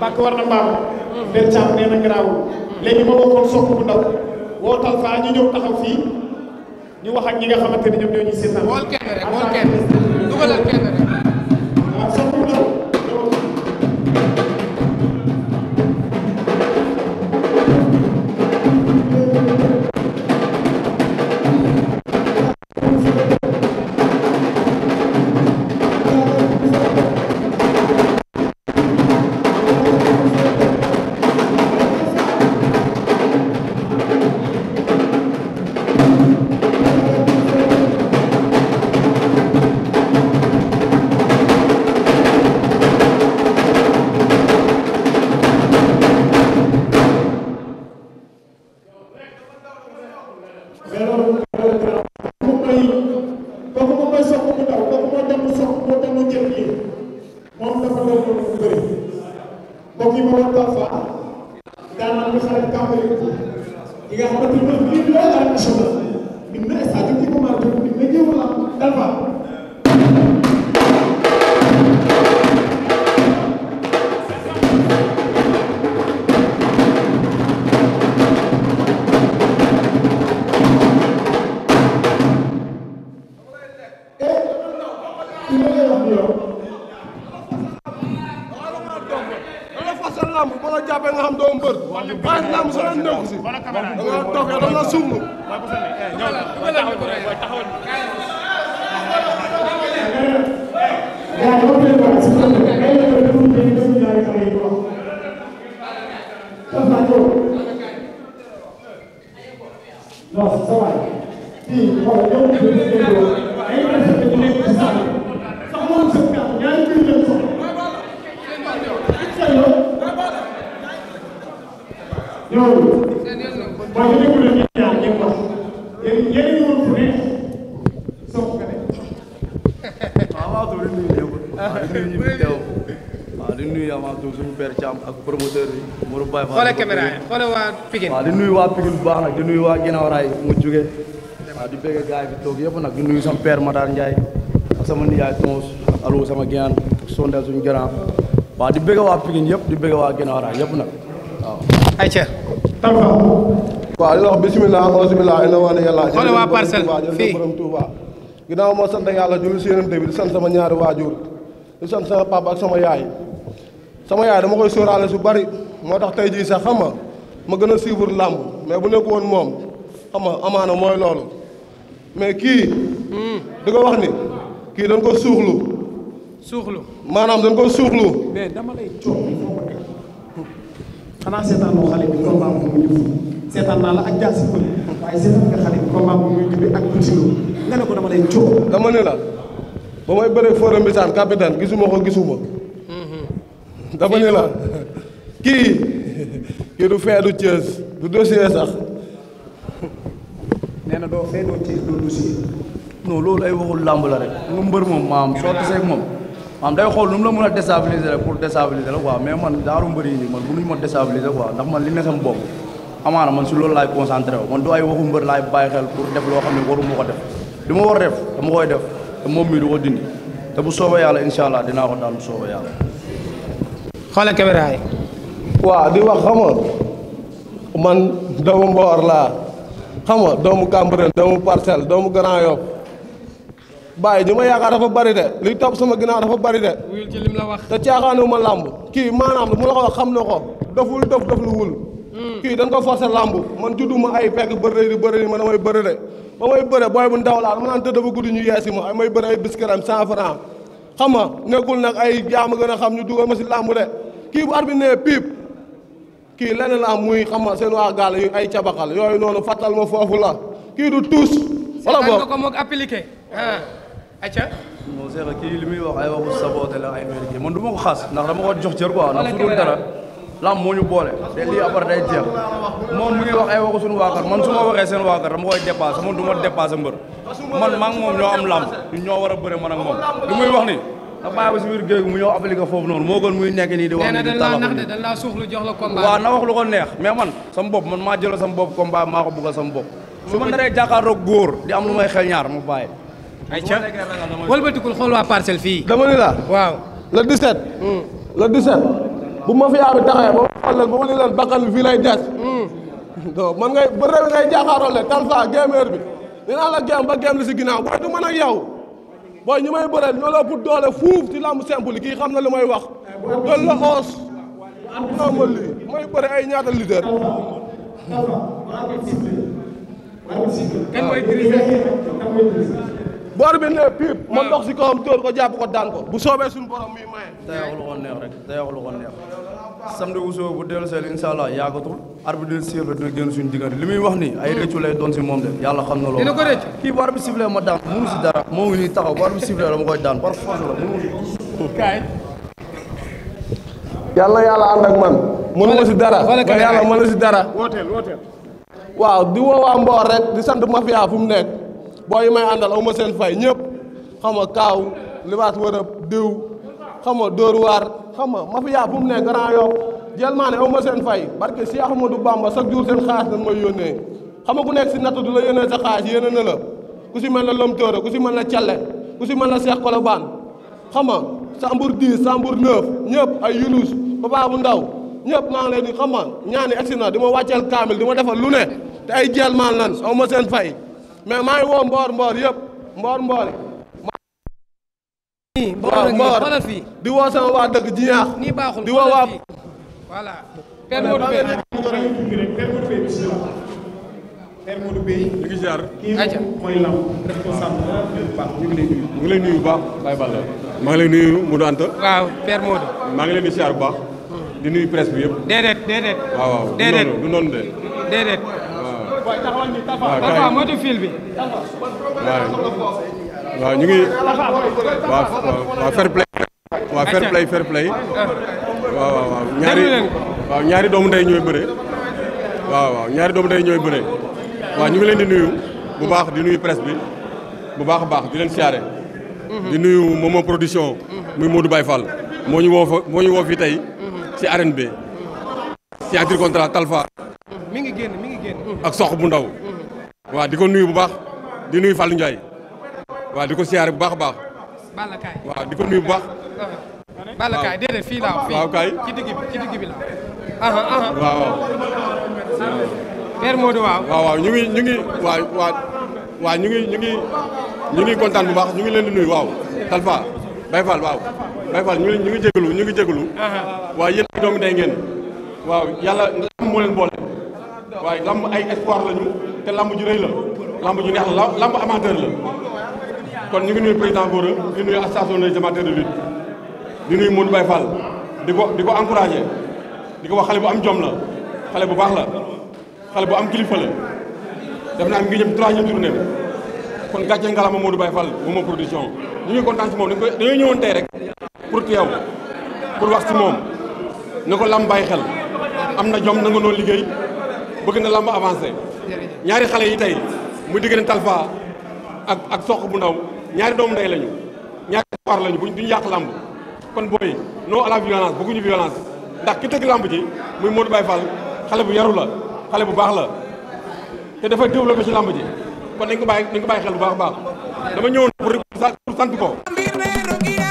mbàkk war na mbaam der caam nee na garaawul léegi ma woo kon sopp bu ndaw wootal faa ñu ñëw taxaw fii ñu wax ak ñi nga xamante ni ñoom ñoo ñuy seetaan wool kenn rek wool kenn bu ndaw kooku moo dem sox moo dem njëkk yi moom dafa doon loolu bu bëri mbokk yi ma war Talfa daanaka ñu xaar kàmbale yi nga xamante ni ñoom lii loo xam ne suba bi mu ne stade bi ñu commencé bi mu ne ñëw la baax na am solo nekku si da nga toog yow da nga sumb Nossa, só vai. Sim, olha, eu não tenho que Ainda você tem que Só muito ñooñu mooy ñu nekkul ne di nuyu ñëpp teew suñu père Thiam ak promoteur bi Mourou Baye. xoolal caméra di nuyu waa Pikine baax nag di nuyu waa ginnaaw raay mu jóge waaw di bëgg gars yi toog yëpp nag di nuyu sama père Matar Ndiaye ak sama nijaay Tons allo sama gàncax sondeel suñu grand waaw di bëgg waa Pikine yëpp di bëgg waa ginnaaw raay yëpp nag. ay ca Talfa waa li la wax bisimilah a ina wane yàlla xoolal waa moo sant yàlla julli si yonent bi di sant sama ñaari waajur di sant sama papa ak sama yaay sama yaay dama koy sóoraale su bari moo tax tey jii sax xam nga ma gën a suivre làmb mais bu nekk woon moom xam amaana mooy loolu mais kii hmm. di ko wax ni kii dañ ko suuxlu maanaam dañ ko suuxlu mais dama xanaa seetaanoo xale bi combat bu muy yëngu seetaan naa la ak jaasi ko waaye seetaan nga xale bi combat bu muy jubbi ak Petit Lo nga ne ko dama lay coow. dama ne la gisuma ko gisuma. dama ne la kii kii du fee du du dossier sax. nee na doo fee doo doo dossier. non loolu ay waxul làmb la rek. lu mbër moom maam soo tasee moom. maanaam day xool nu mu la mën a déstabiliser rek pour déstabiliser la quoi mais man daaru mbëri nii man mënuñu ma déstabiliser quoi ndax man li ne sama bopp amaana man si loolu laay concentré wu man du ay waxu xel loo xam ne waru ko def ma war def dama koy def te moom bu soobee yàlla incha allah dinaa ko daal bu soobee yàlla. xoolal doomu Mboor laa doomu Cambérène doomu Parcelles doomu Grand Yoff bàyyi ñu ma yaakaar dafa bari de liy topp sama ginnaaw dafa bari de. te caaxaanu ma làmb kii maanaam mu la xam na ko doful dof dof lu wul. Hmm. kii dañ ko forcer làmb man juddu ma ay pegg bëre di bëre ma damay bëre ba may bëre booy bu ndaw laa dama naan tëdd ba guddi ñu yeesi ma may bëre ay biskiram cent franc xam nga nekkul nag ay jaam gën a xam ñu dugal ma si làmb de kii bu arbitre nee piip kii leneen la muy xam nga seen waa gaal yu ay cabaxal yooyu noonu fàttal ma foofu la kii du tuus. wala boog ko acca non c'est vrai muy wax ay waxu saboté la ay man du ma xaas ndax dama ko jox cër quoi ndax su dul dara lam moo ñu boole te lii après day jeex moom mu ngi wax ay waxu man su ma waxee seen waakar ma dépassé mbër man maa ngi moom ñoo am lam a bëre man ak wax ni da bàyyi ba noonu moo gën muy nekk nii di wax dañ laa nax de dañ laa suuxlu jox la combat waaw na wax lu ko neex mais man sama bopp man maa jëlal sama bopp combat maa ko bëggal sama su ma naree jàkkaarloo góor di am lu may xel ñaar ma bàyyi ayca wëlbatikul xool waa parcelle fii. dama ni la waaw. le 17. le 17 bu ma fi yaabi taxawee ba ma xool leen ba ma ni leen bakkal fii lay des. donc hmm. man ngay ba réew ngay jaaxaaroo leen talfa géemeer bi dinaa la géem ba géem li si ginnaaw booy du mën ak yow. booy ñu may bëreel ñoo la pour doole fuuf ci lamb simple kii xam na lu may wax. dool la oos. am na lii may bëri ay ñaata leader. kan mooy diriger kan mooy diriger. bu arbi ne piip ma dox si kawam dóor ko jàpp ko daan ko bu soobee suñu borom muy maye. day wax lu ko neex rek day wax lu ko neex samedi wuso bu dellu seel incha allah yaagatul arbitre bi siffle dina génn li muy wax ni ay rëccu lay doon si moom de yàlla xam na loolu dina ko rëcc kii bu arbitre bi siffle ma daan mënu si dara moo ngi nii taxaw bu arbitre bi ma koy daan par force la mënu kaay yàlla yàlla ànd ak man mënu ma si dara yàlla mënu si dara waaw di woo waa Mboor rek di sant mafia fu mu boo yi may àndal aw ma seen fay ñëpp xam nga kaaw libaas wërëb diw xam nga dóor waar xam nga mafia fu mu ne Grand Yoff jël maa ne aw fay barke si Ahmadou Bamba chaque jour seen xaalis dañ may yónnee xam nga ku nekk si nattu du la yónnee sa xaalis yéene na la ku si mel na Lom Tóore ku si mel na Calle ku si mel na Cheikh Colobane xam nga Sambour 10 Sambour 9 ñëpp ay Yunus Papa bu ndaw ñëpp maa ngi leen di xam nga ñaani egsi na di ma wàcceel kaamil di ma defal lu ne te ay jël mais maa ngi woo mboor mboor yëpp mboor mboor yi mboor di woo sama waa dëkk Jinaax nii di woo waa voilà père Modou Bey père Modou Bey ñu ngi jaar kii mooy lam responsable ñu ngi lay nuyu ñu ngi lay nuyu bu baax Baye Balla maa ngi lay nuyu Modou Anta waaw père Modou maa ngi leen di di nuyu presse bi yëpp déedéet du noonu de déedéet waaw motu fil bi. waaw ñu ngi waaw waaw fair play. fair play fair play. Eh. waaw waaw ñaari waaw ñaari doomu ndey ñooy bëre. waaw waaw ñaari doomu ñu ngi leen di nuyu bu baax di nuyu presse bi bu baax a baax di leen siyaare. di nuyu Momo production. muy Modou Baye Fall. moo ñu woo fa moo ñu woo tey. si arène bi. signature contrat Talfa. mi ngi génn mi ak sox bu ndaw. Mm-hmm. waa di ko nuyu bu baax di nuyu Fallou waa di ko siyaare bu baax a baax. Balla di ko nuyu bu baax. Uh-huh. Balla Kaye déedéet fii laa fii waaw Kaye ci digg bi ci ñu ngi ñu ngi waaw waaw ñu ngi ñu kontaan bu baax ñu ngi leen di nuyu waaw. Talfa Baye Fall waaw Baye Fall ñu ngi ñu ngi jégalu ñu ngi jégalu. Uh-huh. waaw yéen doomu day ngeen. waaw yàlla moo leen boole. waaye lamb ay espoir lañu te lamb ju rëy la lamb ju neex la lamb amateur la kon ñu ngi nuyu président Gora di nuyu association des amateurs de lutte di nuyu Modou Baye Fall di ko di ko encouragé di ko wax xale bu am jom la xale bu baax la xale bu am kilifa la def naa ngi jëm troisième journée kon gàcce ngalama Modou Baye Fall bu moom production ñu ngi kontaan si moom dañ koy ñëwoon tey rek pour teew pour wax si moom na ko lamb bàyyi xel am na jom nanga noo liggéey bëgg na lamb avancé ñaari xale yi tey muy diggante Talfa ak ak soq bu ndaw ñaari doomu ndey lañu ñaari war lañu bu duñu yàq làmb kon booy non à la violence bëgguñu violence ndax ki tëgg lamb ji muy Modou Baye Fall xale bu yaru la xale bu baax la te dafay développé ci lamb ji kon nañ ko bàyyi nañ ko bàyyi xel bu baax a baax dama ñëwoon pour pour sant ko